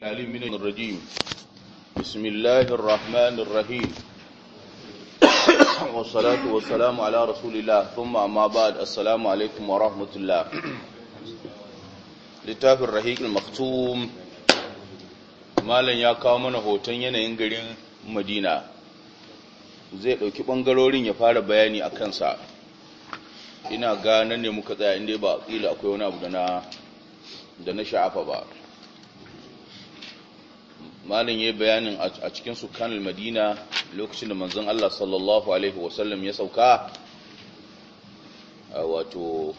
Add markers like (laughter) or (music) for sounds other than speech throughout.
العليم من الرجيم بسم الله الرحمن الرحيم (coughs) والصلاة والسلام على رسول الله ثم ما بعد السلام عليكم ورحمة الله littafin الرحيق المختوم malam ya kawo mana hoton yanayin garin madina zai ɗauki ɓangarorin ya fara bayani a kansa ina ganin ne muka tsaya dai ba ƙila akwai wani abu da na sha'afa ba malam yayi bayanin a cikin sukanul madina lokacin da manzon Allah sallallahu alaihi wasallam ya sauka wato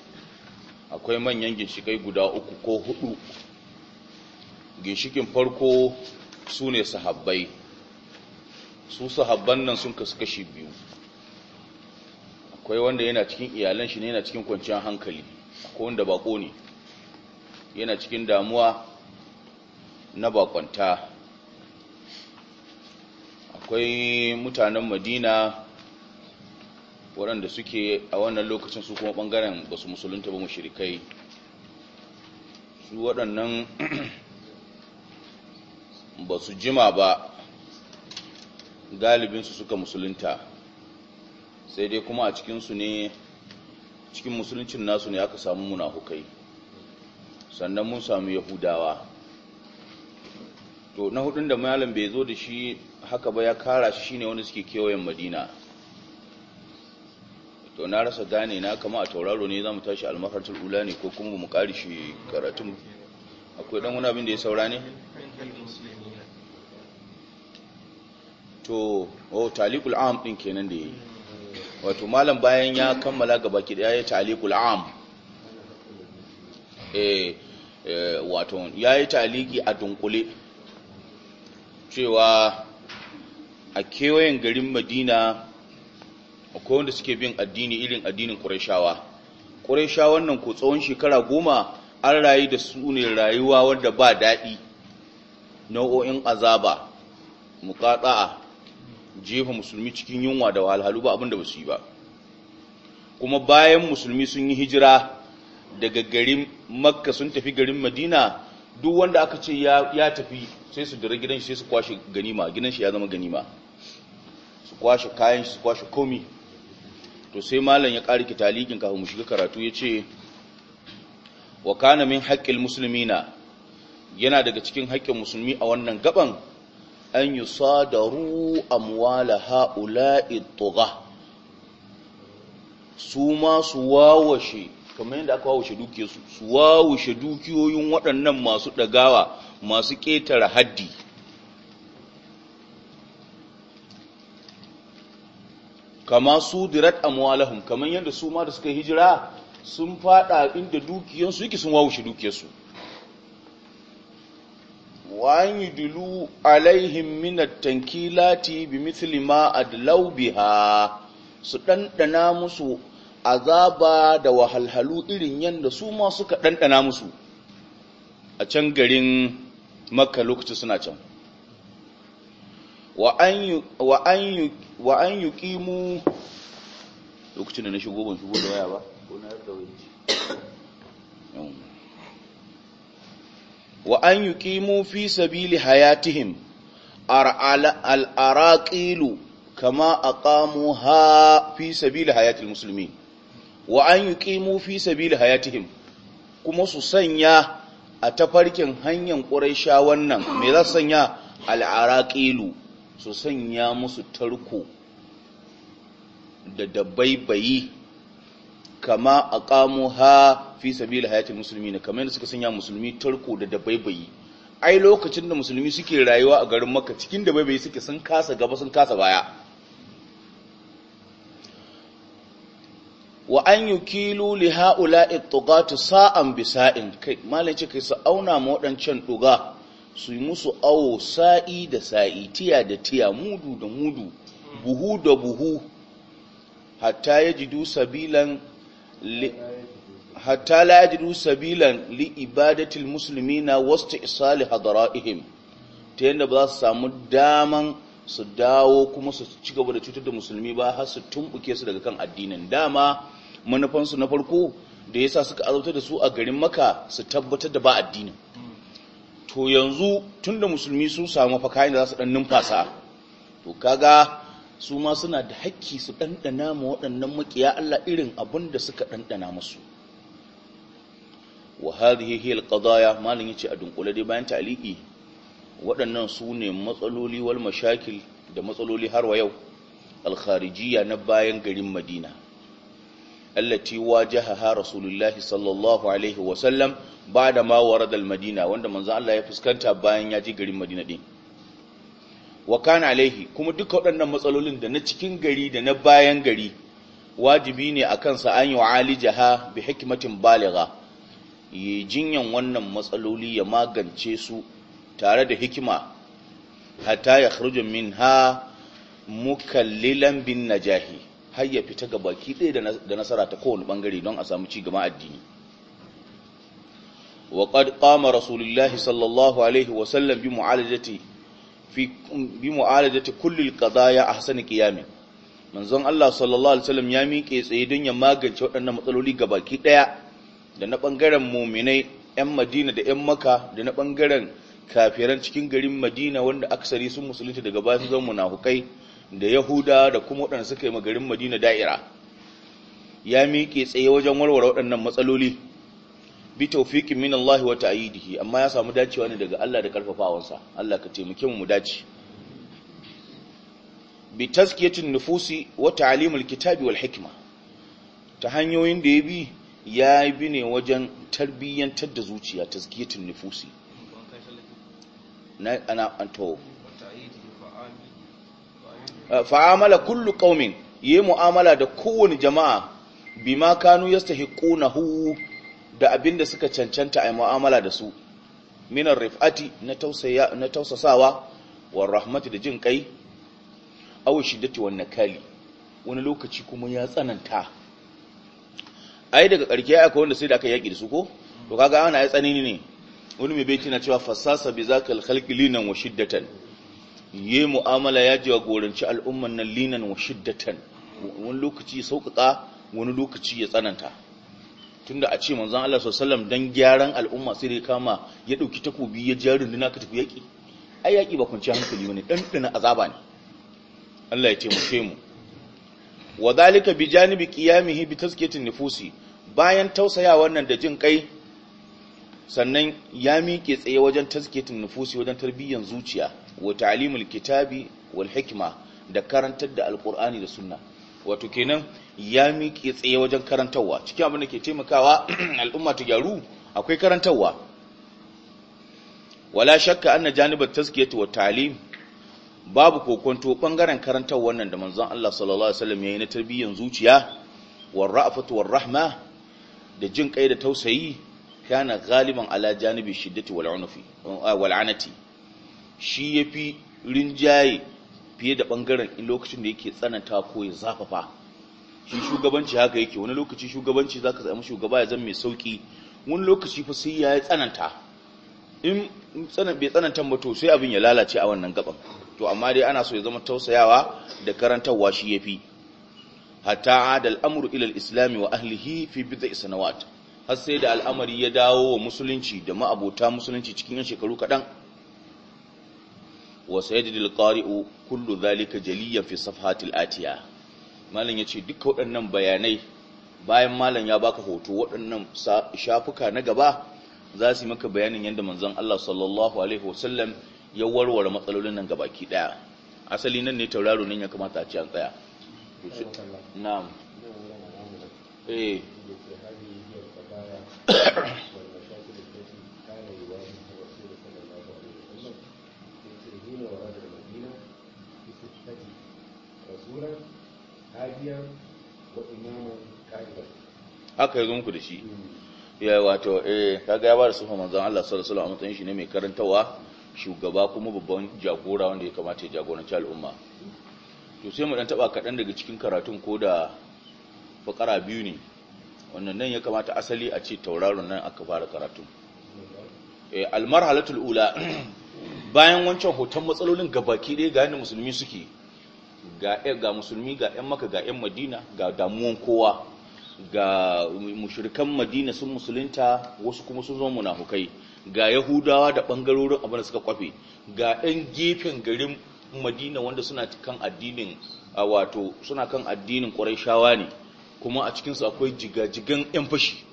akwai manyan ginshikai guda uku ko hudu ginshikin farko su ne sahabbai su sahabban nan sun kasu kashi biyu akwai wanda yana cikin iyalan shi ne yana cikin kwanciyar hankali akwai wanda bako ne yana cikin damuwa na bakwanta akwai mutanen madina waɗanda suke a wannan lokacin su kuma ɓangaren ba su musulunta ba mushrikai su waɗannan (clears throat) ba su jima ba galibinsu suka musulunta sai dai kuma a cikinsu ne cikin musuluncin nasu ne aka samu munafukai sannan mun samu yahudawa to na hudun da malam bai zo da shi haka ba ya kara shi shine wanda suke kewayen madina to na rasa gane na kama a tauraro ne za mu tashi almahartul ula ne ko kuma mu kari shi karatun akwai dan wani abin da ya saura ne to oh talikul am din kenan da yayi wato malam bayan ya kammala gaba baki da ya talikul am eh, eh wato yayi taliki a dunkule cewa a kewayen garin madina akwai wanda suke bin addini irin addinin ƙureshawa ƙurashawan nan ko tsawon shekara goma an rayu da su ne rayuwa wadda ba daɗi nau'o'in azaba a jefa musulmi cikin yunwa da wahalhalu ba abinda ba su yi ba kuma bayan musulmi sun yi hijira daga garin makka sun tafi garin madina duk wanda aka ce ya tafi sai su dira gidan shi sai su kwashe ganima gidan shi ya zama ganima su kwashe kayan su kwashe komi to sai malam ya ƙari talikin kafin mu shiga karatu ya ce wa kana min haƙƙil musulmina yana daga cikin haƙƙin musulmi a wannan gaban an yi sadaru amwala ha'ula'i tuga su ma su wawashe kamar yadda aka wawashe su wawashe dukiyoyin waɗannan masu ɗagawa masu ƙetare haddi kama su dirat amwalahum kaman yadda su ma da suka hijira sun fada inda dukiyansu yake sun wawushe dukiyarsu wani dulu alaihim minat tankilati bi mithli ma adlaw biha su dandana musu azaba da wahalhalu irin yanda su ma suka dandana musu a can garin makka lokaci suna can wa an yi ƙimu lokacin da na shigo ban shigo da waya ba wa an yi ƙimu fi sabili hayatihim al'araƙilu kama a ƙamu ha fi sabili hayatil musulmi wa an yi ƙimu fi sabili hayatihim kuma su sanya a tafarkin hanyar ƙurai sha wannan mai za su sanya al'araƙilu su sanya musu tarko da dabaibayi kama kamo ha fi sabil musulmi na kamar yadda suka sanya musulmi tarko da dabaibayi ai lokacin da musulmi suke rayuwa a garin Makka cikin dabaibayi suke sun kasa gaba sun kasa baya wa an yukilu li haula'i tughatu sa'an bisa'in kai malin cikin kai su auna ma wadancan duga su yi musu awo sa'i da sa'i tiya da tiya mudu da mudu buhu da buhu hatta ya jidu sabilan hatta la jidu sabilan li ibadatil na wasta isali hadara'ihim ta yadda ba za su samu daman su dawo kuma su ci gaba da cutar da musulmi ba har su tumbuke su daga kan addinin dama manufansu na farko da ya sa suka azabtar da su a garin maka su tabbatar da ba addinin to yanzu tunda musulmi sun samu mafaka inda za su dan numfasa to kaga su ma suna da hakki su ɗanɗana ma waɗannan makiya Allah irin abin da suka ɗanɗana musu wa hadhihi hiya alqadaya malin yace a dunkule dai bayan ta'liqi waɗannan su ne matsaloli wal mashakil da matsaloli har wa yau alkharijiyya na bayan garin Madina allati wajaha rasulullahi sallallahu alaihi wa sallam ba da mawara madina wanda manzan Allah ya fuskanta bayan ya ji garin madina ɗin wa kana alaihi kuma duka waɗannan matsalolin da na cikin gari da na bayan gari wajibi ne a kansa an yi alijaha bi hikimatin baliga yi jinyan wannan matsaloli ya magance su tare da hikima hatta ya kharju min ha mukallilan bin najahi har ya fita ga baki ɗaya da nasara ta kowane ɓangare don a samu ci gama addini وقد قام رسول الله صلى الله عليه وسلم بمعالجته في بمعالجة كل القضايا أحسن قيام manzon Allah sallallahu alaihi wasallam ya miƙe tsaye don ya magance waɗannan matsaloli baki ɗaya da na ɓangaren muminai 'yan Madina da 'yan Makka da na ɓangaren kafiran cikin garin Madina wanda aksari sun musulunci daga baya su munafukai da Yahuda da kuma waɗanda suka yi garin Madina da'ira ya miƙe tsaye wajen warware waɗannan matsaloli bi taufiki min Allah wa ta'idihi amma ya samu dacewa ne daga Allah da karfafawansa Allah ka taimake mu mu dace bi tazkiyatin nufusi wa ta'limul kitabi wal hikma ta hanyoyin da ya bi ya bi ne wajen tarbiyyantar da zuciya tazkiyatin nufusi na ana anto fa'amala kullu qaumin yi mu'amala da kowani jama'a bima kanu yastahiqunahu da abin da suka cancanta a mu'amala da su minar rif'ati na tausasawa wa rahmatu da jin kai awu shiddati wan nakali wani lokaci kuma ya tsananta ai daga karke aka wanda sai da aka yaki da su ko to kaga ana ya tsanini ne wani mai baiti na cewa fasasa bi zakal khalqi linan wa shiddatan yi mu'amala ya jagoranci al'umman nan linan wa shiddatan wani lokaci ya sauƙaƙa wani lokaci ya tsananta tunda a ce manzon Allah sallallahu dan gyaran al'umma sai dai kama ya dauki takobi ya ja runduna ka tafi yaki ai yaki ba kunci hankali bane dan dana azaba ne Allah ya taimake mu wa zalika bi janibi qiyamihi bi tazkiyatin nufusi bayan tausaya wannan da jin kai sannan ya miƙe tsaye wajen tazkiyatin nufusi wajen tarbiyyar zuciya wa ta'limul kitabi wal hikma da karantar da alqur'ani da sunna wato kenan ya miƙe tsaye wajen karantarwa cikin abin da ke taimakawa (clears throat) al'umma ta gyaru akwai karantarwa wala shakka anna janibat tazkiyatu wa ta'lim babu kokonto bangaren karantarwa wannan da manzon Allah sallallahu alaihi wasallam yi na zuciya war ra'fatu war rahma da jin kai da tausayi kana galiban ala janibi shiddati wal unufi wal anati shi yafi rinjaye fiye da bangaren lokacin da yake tsananta ko ya zafafa shi shugabanci haka yake wani lokaci shugabanci za ka zama shugaba ya zama mai sauki wani lokaci fa sai ya yi tsananta in tsanan bai tsananta ba to sai abin ya lalace a wannan gaban to amma dai ana so ya zama tausayawa da karantarwa shi ya fi hatta adal amru ilal islami wa ahlihi fi bidda sanawat har sai da al'amari ya dawo wa musulunci da ma'abota musulunci cikin yan shekaru kaɗan wa sayyidul qari'u kullu zalika jaliyan fi safhatil atiya malam ya ce duka waɗannan bayanai bayan malam ya baka hoto waɗannan shafuka na gaba za su yi maka bayanin yadda manzon Allah sallallahu alaihi wasallam ya warware matsalolin nan gabaki ɗaya asali nan ne tauraro nan ya kamata a ci an tsaya eh. Thank you. aka wa zunku da shi hmm. ya yi wato eh kaga ya da sufa manzan Allah sallallahu alaihi wasallam shi ne mai karantawa shugaba kuma babban jagora wanda ya kamata ya jagoranci al'umma to sai mu dan taba kadan daga cikin karatun ko da fakara biyu ne wannan nan ya kamata asali a ce tauraron nan aka fara karatun eh almarhalatul ula (clears throat) bayan wancan hoton matsalolin gabaki ɗaya ga yadda musulmi suke ga musulmi ga 'yan maka ga 'yan madina ga damuwan kowa ga mushrikan madina sun musulunta wasu kuma sun zama munafukai ga yahudawa da bangarorin abin da suka kwafe ga 'yan gefen garin madina wanda suna kan addinin a wato suna kan addinin ƙwarai ne kuma a cikinsu akwai jigajigan 'yan fashi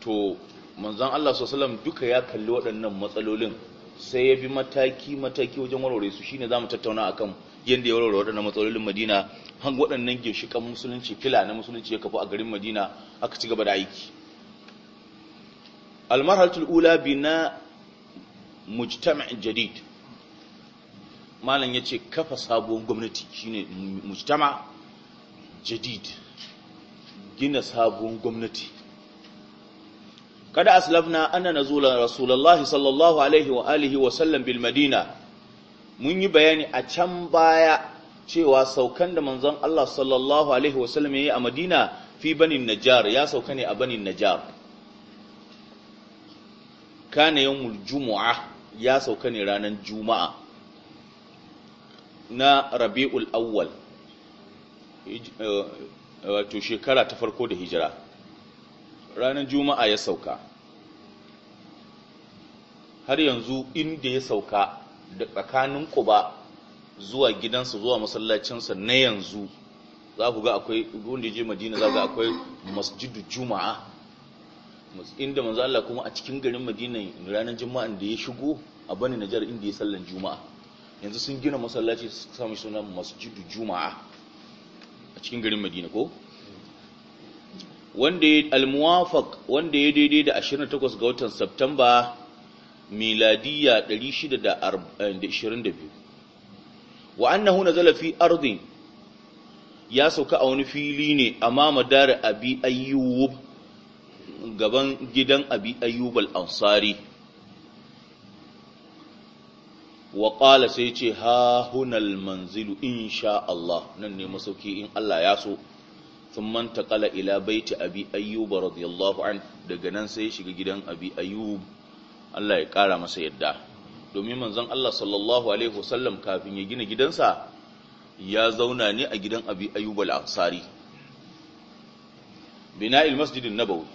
to manzan Allah sosalam duka ya kalli waɗannan matsalolin sai ya bi mataki-mataki wajen warware su shine za mu tattauna kan. yadda ya warware waɗannan matsalolin madina han waɗannan ginshiƙan musulunci fila na musulunci ya kafu a garin madina aka ci gaba da aiki almarhalatul ula na mujtama' jadid malam ya ce kafa sabuwar gwamnati shine mujtama' jadid gina sabuwar gwamnati kada aslafna anna nazula rasulullahi sallallahu alaihi wa alihi wa sallam bil madina mun yi bayani a can baya cewa saukan da manzon Allah sallallahu alaihi wasallam ya yi a Madina fi banin Najjar ya sauka ne a banin Najjar kana yawmul jumu'a ya sauka ne ranar juma'a na Rabiul Awwal eh, eh, wato shekara ta farko da hijira ranar juma'a ya sauka har yanzu inda ya sauka da tsakanin ba zuwa gidansa zuwa masallacinsa na yanzu za ku ga akwai wanda je Madina za ga akwai Masjidu Juma'a inda manzo Allah kuma a cikin garin Madina ranar Juma'an da ya shigo a Bani Najar inda ya sallan Juma'a yanzu sun gina masallaci su samu suna Masjidu Juma'a a cikin garin Madina ko wanda ya almuwafaq wanda ya daidai da 28 ga watan September miladiya 622 eh, wa annahu nazala fi ardin ya sauka a wani fili ne amma dare abi ayyub gaban gidan abi ayyub al-ansari wa qala sai ce ha hunal manzilu insha Allah nan ne masauki in Allah ya so manta kala ila baiti abi ayyub radiyallahu an daga nan sai shiga gidan abi ayyub Allah ya ƙara masa yadda domin manzon Allah sallallahu alaihi wasallam kafin ya gina gidansa ya zauna ne a gidan Abi Ayyub al-Ansari bina'il masjidin nabawi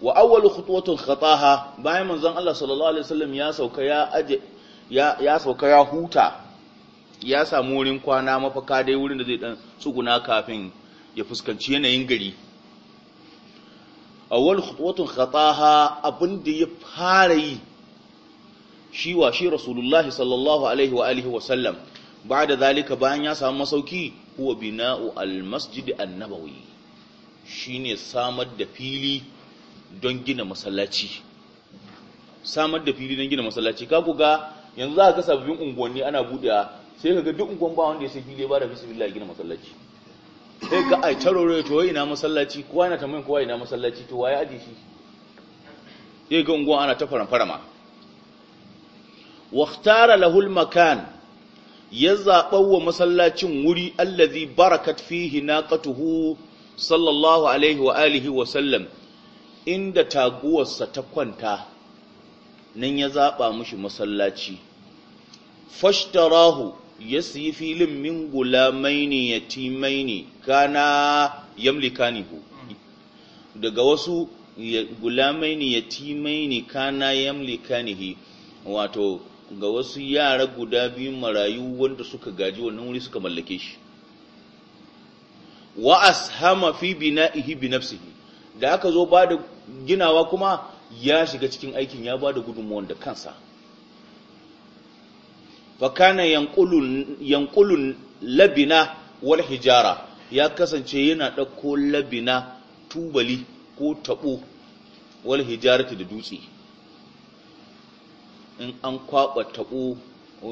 wa awwalu khutwatin khataha bayan manzon Allah sallallahu alaihi wasallam ya sauka ya aje sauka ya huta ya samu wurin kwana mafaka dai wurin da zai dan tsuguna kafin ya fuskanci yanayin gari awwal khutwatun khataha abin da ya fara yi shi wa shi rasulullahi sallallahu alaihi wa alihi wa sallam da zalika bayan ya samu masauki huwa bina'u al-masjid an-nabawi shine samar da fili don gina masallaci samar da fili don gina masallaci ka ga yanzu za ka sabbin unguwanni ana buɗe sai ka ga duk unguwan ba wanda ya sai fili ba da bismillah gina masallaci sai ga ai tarore to wai ina masallaci ko ina ta mun ko ina masallaci to ya ajiye shi sai ga ungo ana ta faran farama waqtara lahu almakan ya zaba wa masallacin wuri allazi barakat fihi Katuhu, sallallahu alaihi wa alihi wa sallam inda taguwarsa ta kwanta nan ya zaɓa mushi masallaci fashtarahu ya siyi filin min gulamaini yatimaini kana hu daga wasu gulamaini yatimaini kana hi wato ga wasu yara guda biyu marayu wanda suka gaji wannan wuri suka mallake shi wa ashama fi bina'ihi bi nafsihi da aka zo ba da ginawa kuma ya shiga cikin aikin ya ba da gudunmuwan da kansa Fakana yankulun labina wal hijara ya kasance yana ɗauko labina tubali ko taɓo wal hijarati da dutse in an kwaɓa taɓo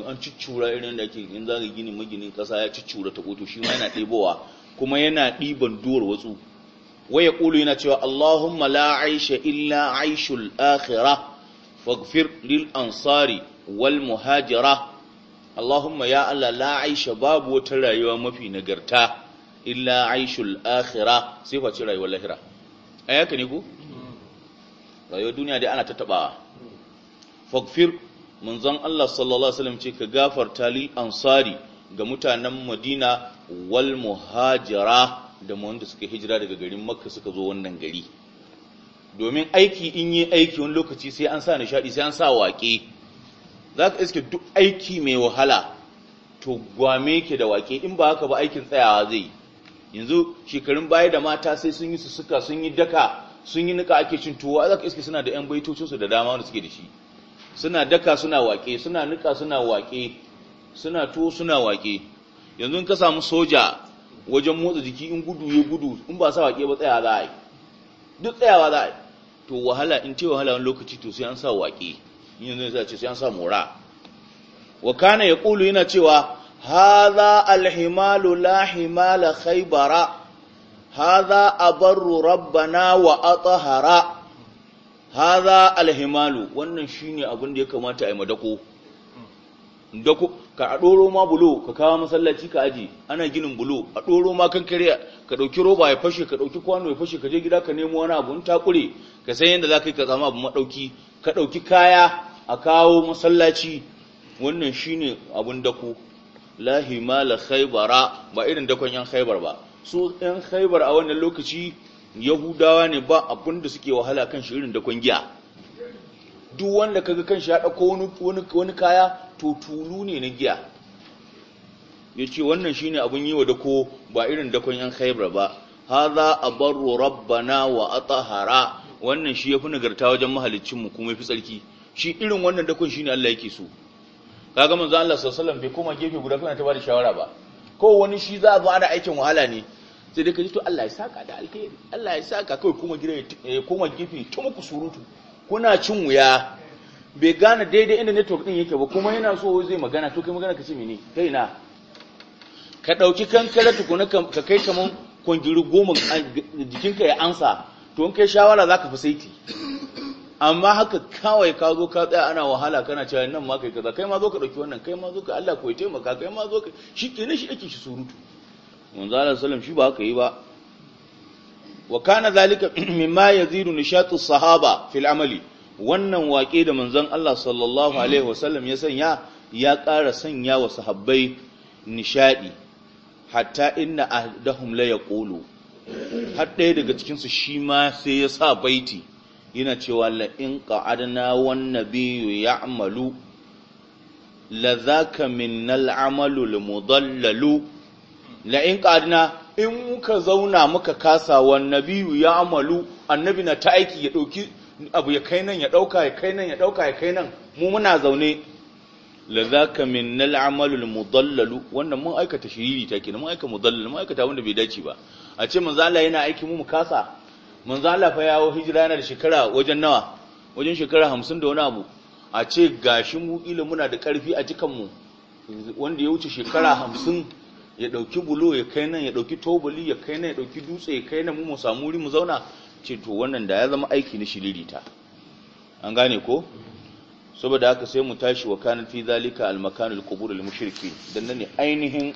an ciccura irin da ke in zaga gini maginin ƙasa ya ciccura taɓo to shi ma yana ɗebowa kuma yana ɗiban duwar watsu waya ƙulu yana cewa Allahumma la aisha illa aishul akhira, faghfir lil ansari wal muhajira Allahumma ya Allah la aisha babu wata rayuwa mafi nagarta illa aishul akhira sai face rayuwar lahira ai haka ne ku rayuwar duniya dai ana tattabawa Fakfir, faghfir manzon Allah sallallahu alaihi wasallam ce ka gafarta lil ansari ga mutanen Madina wal muhajira da wanda suka hijira daga garin Makka suka zo wannan gari domin aiki in yi aiki wani lokaci sai an sa nishadi sai an sa waƙe za ka iske duk aiki mai wahala to gwame ke da wake in ba haka ba aikin tsayawa zai yanzu shekarun baya da mata sai sun yi su suka sun yi daka sun yi nika ake cin tuwo za ka iske suna da 'yan baitocinsu da dama wanda suke da shi suna daka suna wake suna nika suna wake suna tuwo suna wake yanzu in ka samu soja wajen motsa jiki in gudu ya gudu in ba sa wake ba tsayawa za a yi duk tsayawa za a yi to wahala in ce wahala wani lokaci to sai an sa wake yanzu za ce sai an sa mura. wa kana yana cewa hadha alhimalu la himala khaybara hadha abarru rabbana wa atahara hadha alhimalu wannan shine abin da ya kamata a yi madako dako ka a doro ma bulo ka kawo masallaci ka aji ana ginin bulo a doro ma kan kariya ka ɗauki roba ya fashe ka ɗauki kwano ya fashe ka je gida ka nemo wani abu ta kure ka san yadda za ka yi ka zama abu maɗauki ka ɗauki kaya a kawo masallaci wannan shine abun dako lahi mala khaybara ba irin dakon yan khaybar ba su yan khaybar a wannan lokaci yahudawa ne ba abun da suke wahala kan shi irin dakon giya duk wanda kaga kan shi ya dako wani kaya to tulu ne na giya yace wannan shine abun yi wa dako ba irin dakon yan khaybar ba hadha abarru rabbana wa atahara wannan shi fi nagarta wajen mahaliccinmu kuma yafi tsarki shi irin wannan dakon shi ne Allah yake so kaga manzo Allah sallallahu alaihi wasallam bai koma gefe guda kana ta bada shawara ba ko wani shi za a zo ana aikin wahala ne sai dai ka ji to Allah ya saka da alheri Allah ya saka kai koma gida ya eh, koma gefe ta ku surutu kuna cin wuya bai gane daidai inda network din yake ba kuma yana so zai magana to kai magana ka ce mene kai na ka dauki kankare tukuna ka kai kaman kwangiri goma jikinka ya ansa to in kai shawara zaka fi saiti amma haka kawai ka zo ka tsaya ana wahala kana cewa nan ma kai kaza kai ma zo ka dauki wannan kai ma zo ka Allah koyi taimaka kai ma zo ka shi kenan shi ake shi surutu manzo Allah sallam shi ba haka yi ba wa kana zalika (clears throat) mimma yazidu nishatu sahaba fil amali wannan waƙe da manzon Allah sallallahu alaihi wasallam ya sanya ya ƙara sanya wa sahabbai nishadi hatta inna ahdahum la yaqulu har ɗaya daga cikinsu shi ma sai ya sa baiti yana cewa la in qa'adna wan nabiyyu ya'malu la zaka minnal amalu al la in qa'adna in muka zauna muka kasa wan nabiyyu ya'malu annabi na ta aiki ya dauki abu ya kai nan ya dauka ya kai nan ya dauka ya kai nan mu muna zaune la zaka minnal amalu al wannan mun aikata shiriri take mun aika mudallal mun aikata wanda bai dace ba a ce manzo Allah yana aiki mu mu kasa manzo Allah fa yawo hijira yana shekara wajen nawa wajen shekara hamsin da wani abu a ce gashi mu kila muna da karfi a mu. wanda ya wuce shekara hamsin ya dauki bulo ya kai nan ya dauki tobali ya kai nan ya dauki dutse ya kai nan mu mu samu wuri mu zauna ce to wannan da ya zama aiki na shiririta an gane ko saboda haka sai mu tashi wa kanin fi zalika almakanul qubur mushriki dan nan ne ainihin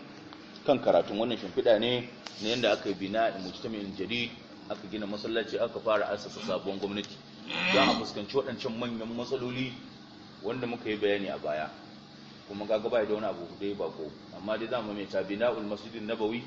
kan karatun wannan shimfiɗa ne na yanda aka yi bina'in mujtama'in jadid aka gina masallaci aka fara asasa sabon gwamnati za a fuskanci waɗancan manyan matsaloli wanda muka yi bayani a baya kuma kaga gaba da wani abu dai bako amma dai zamu mai na'ul masjidin nabawi